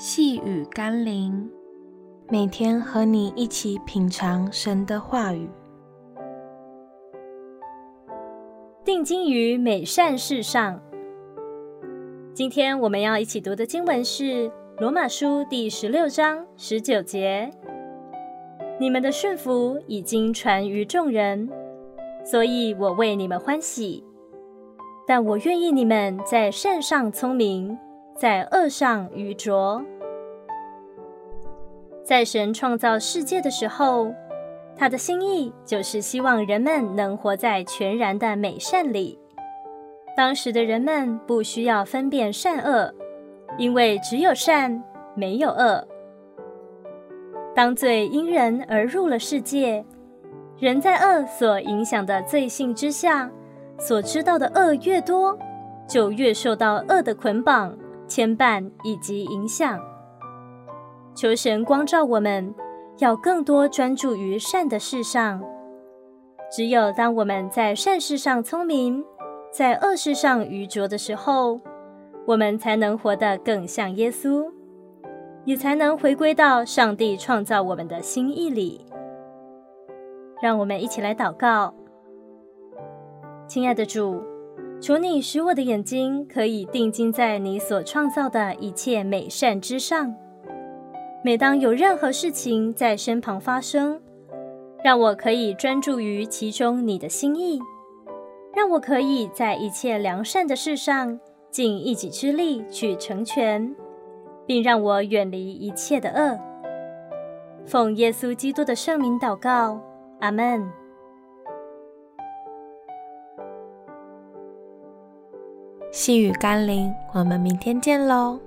細語甘霖，每天和你一起品嘗神的話語，定睛於美善事上。今天我們要一起讀的經文是《羅馬書》第十六章十九節：“你們的順服已經傳於眾人，所以我為你們歡喜。但我願意你們在善上聰明。”在惡上愚拙。在神創造世界的時候，他的心意就是希望人們能活在全然的美善裡。當時的人們不需要分辨善惡，因為只有善，沒有惡。當罪因人而入了世界，人在惡所影響的罪性之下，所知道的惡越多，就越受到惡的捆綁。牽絆以及影響，求神光照我們，要更多專注於善的事上。只有當我們在善事上聰明，在惡事上愚拙的時候，我們才能活得更像耶穌，也才能回歸到上帝創造我們的心意裡。讓我們一起來禱告。親愛的主。求你使我的眼睛可以定睛在你所創造的一切美善之上。每當有任何事情在身旁發生，讓我可以專注於其中你的心意，讓我可以在一切良善的事上盡一己之力去成全，並讓我遠離一切的惡。奉耶穌基督的聖名禱告，阿門。細語甘霖，我們明天見嘍。